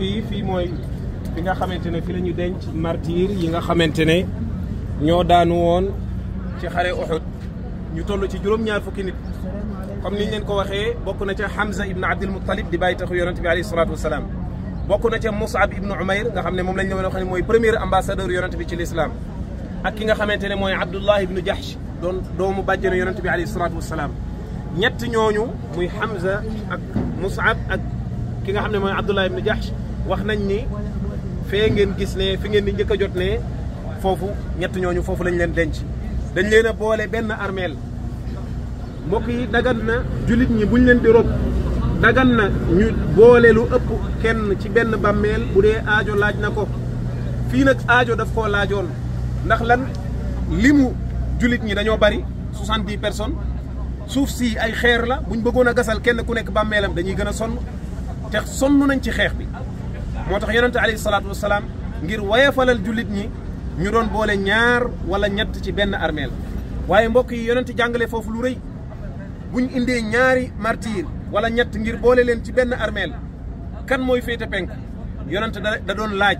fii fii mooy fi nga xamante ne fi la ñu denc martyr yi nga xamante ne ñoo daanu woon ci xare Uhud ñu toll ci juróom-ñaar fukki nit comme niñ leen ko waxee bokk na ca Hamza ibn Abdul Muttalib di bàyyi taxu yonent bi alayhi salaatu wasalaam bokk na ca Mus'ab ibn Umayr nga xam ne moom lañ leen wax ne mooy premier ambassadeur yonent bi ci l'islam ak ki nga xamante ne mooy Abdullah ibn Jahsh doon doomu bàjjenu yonent bi alayhi salaatu wasalaam ñett ñooñu muy Hamza ak Mus'ab ak ki nga xam ne mooy Abdullah ibn Jahsh wax nañ ni fee ngeen gis ne fi ngeen di njëkk a jot ne foofu ñett ñooñu foofu lañ leen denc dañ leen a boole benn armeel mbokk yi dagan na jullit ñi buñ leen di rob dagan na ñu boole lu ëpp kenn ci benn bàmmeel bu dee aajo laaj na ko fii nag aajo daf ko laajoon ndax lan limu jullit ñi dañoo bari soixante-dix suuf si ay xeer la buñ bëggoon a gasal kenn ku nekk bàmmeelam dañuy gën a sonn te sonn nañ ci xeex bi moo tax yonente alayhi salaatu ngir wayefalal julit ñi ñu doon boole ñaar wala ñett ci ben armel waye mbokk yi yonente jàngale fofu lu reuy buñ indé ñaari martir wala ñett ngir boole len ci ben armel kan moy fete penk yonente da doon laaj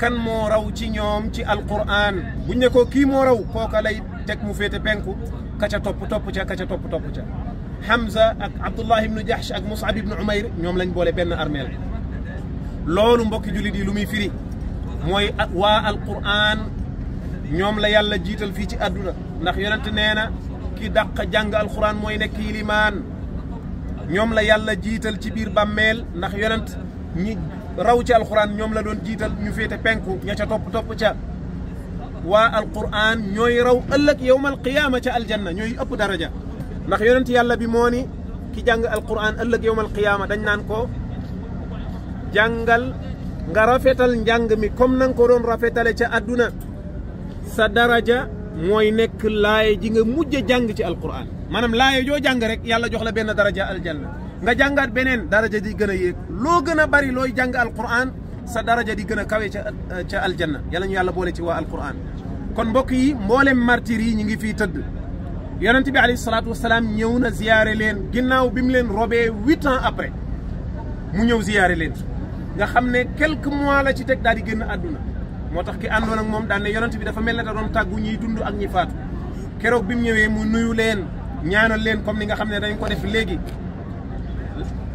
kan mo raw ci ñoom ci alquran buñ ne ko ki mo raw koka lay tek mu fete penku kacha top top topp ca ka top topp ca Hamza ak Abdullah ibn Jahsh ak Mus'ab ibn Umayr ñoom lañ boole ben armel loolu mbokki jullit yi lu muy firi mooy waa alquran ñoom la yàlla jiital fii ci àdduna ndax yonent nee na ki dàq jàng alquran mooy nekk yilimaan ñoom la yàlla jiital ci biir bàmmeel ndax yonent ñi raw ci alquran ñoom la doon jiital ñu féete penku ña ca topp topp ca waa alquran ñooy raw ëllëg yowmal qiyaama ca aljanna ñooy ëpp daraja ndax yonent yàlla bi moo ki jàng alquran ëllëg yowmal qiyaama dañ naan ko jàngal nga rafetal njàng mi comme nanga ko doon rafetale ca àdduna sa daraja mooy nekk laaya ji nga mujj a jàng ci alquran maanaam laaya joo jàng rek yàlla jox la benn daraja aljanna nga jàngaat beneen daraja di gën a yéeg loo gën a bari looy jàng alquran sa daraja di gën a kawe ca ca aljanna yàlla ñu yàlla boole ci waa alquran kon mbokk yi mboolem martir yi ñu ngi fii tëdd yonent bi alayhi salaatu wasalaam ñëw na ziyaare leen ginnaaw bi mu leen robee huit après mu ñëw ziyaare leen nga xamne quelques mois la ci tek daal di génn aduna motax ki andon ak mom daan ne yonent bi dafa mel da doon tàggu ñi dund ak ñi faatu kérok bimu ñëwé mu nuyu leen ñaanal leen comme ni nga xamne dañ ko def légui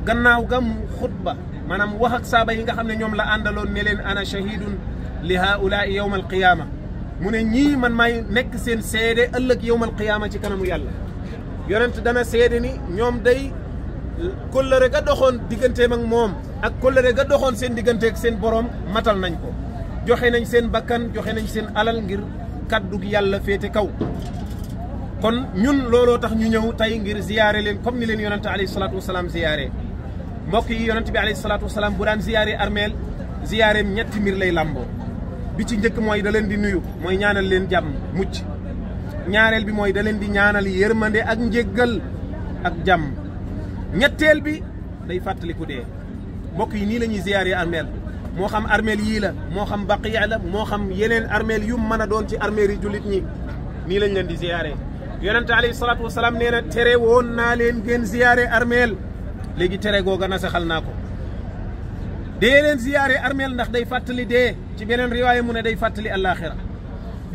gannaaw gam khutba manam wax ak saaba yi nga xamne ñom la andalon ne leen ana shahidun li haulaai yowma alqiyaama mu ne ñi man may nek seen ëlëk yawm al qiyamah ci kanamu yàlla yonent dana seede ni ñom day kolere ga doxoon digganteem ak mom ak kolere ga sen seen ak sen borom matal nañ ko joxe nañ sen bakkan joxe nañ sen alal ngir gu yalla fete kaw kon ñun lolo tax ñu ñew tay ngir ziaré len comme ni len yonnata ali sallatu wasallam ziaré mbokk yi yonente bi ali sallatu wasallam bu dan ziaré armel ziaré ñetti mir lay lambo, bi ci njëkk moy da len di nuyu moy ñaanal len jam, mucc ñaarel bi moy da len di ñaanal yermande ak jam, ak jam ñettel bi day fàttaliku de mbokk yi nii la ñuy ziyaare armeel moo xam armeel yii la moo xam baqiya la moo xam yeneen armeel yu mën a doon ci armel yi jullit ñi nii lañ leen di ziyaare yonente alayhi salaatu wasalaam nee na tere woon naa leen ngeen ziyaare armeel léegi tere googa nasaxal naa ko dee leen ziyaare armeel ndax day fàttali dee ci beneen riwaaya mu ne day fàttali àllaaxira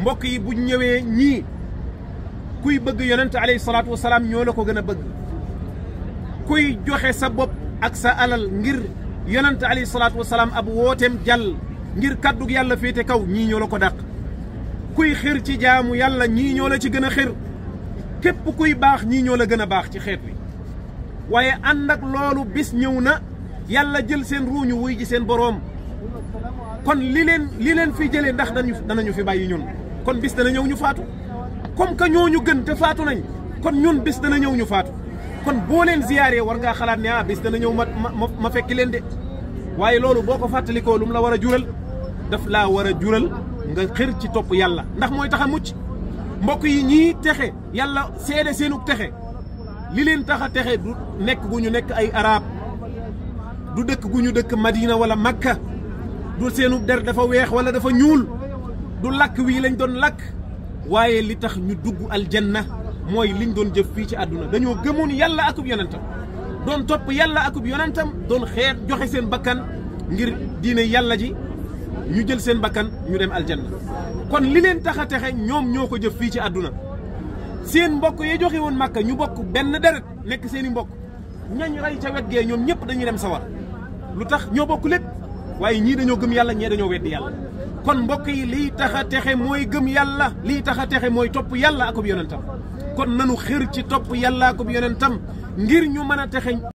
mbokk yi bu ñëwee ñii kuy bëgg yonente alayhi salaatu wasalaam ñoo la ko gën bëgg kuy joxe sa bopp ak sa alal ngir yonent alayhi salaatu wasalaam ab wooteem jàll ngir kàddug yàlla féete kaw ñii ñoo la ko dàq kuy xir ci jaamu yàlla ñii ñoo la ci gën a xir képp kuy baax ñii ñoo la gën a baax ci xeet wi waaye ànd ak loolu bis ñëw na yàlla jël seen ruuñu wuy ji seen boroom kon li leen li leen fi jëlee ndax danañu danañu fi bàyyi ñun kon bis dana ñëw ñu faatu comme que ñooñu gën te faatu nañ kon ñun bis dana ñëw ñu faatu kon bo len ziaré war nga xalat ne ah bis dana ñëw ma ma ma fekki leen de waaye loolu boo ko lum la wara jural daf la wara jural nga xër ci top yàlla ndax moy tax mucc mbok yi ñi texe yàlla sédé senuk texe li len taxa a texe du nek gu ñu nekk ay arab du dëkk gu ñu dëkk Madina wala Makka du seenu der dafa wéx wala dafa ñuul du lak wi lañ doon lak waye li tax ñu dugg al janna mooy liñ doon jëf fii ci àdduna dañoo gëmoon yàlla akub yonentam doon topp yàlla akub yonentam doon xeex joxe seen bakkan ngir diine yàlla ji ñu jël seen bakkan ñu dem aljanna kon li leen tax a texe ñoom ñoo ko jëf fii ci àdduna seen mbokk ya joxe woon màkka ñu bokk benn deret nekk seen mbokk ñañ rey ca wet gee ñoom ñëpp dañuy dem sawar lu tax ñoo bokk lépp waaye ñii dañoo gëm yàlla ñee dañoo weddi yàlla kon mbokk yi liy taxa texe mooy gëm yàlla liy tax a texe mooy topp yàlla akub yonentam kon nanu xër ci topp yallaa ko bi yonentam ngir ñu mën a texeñ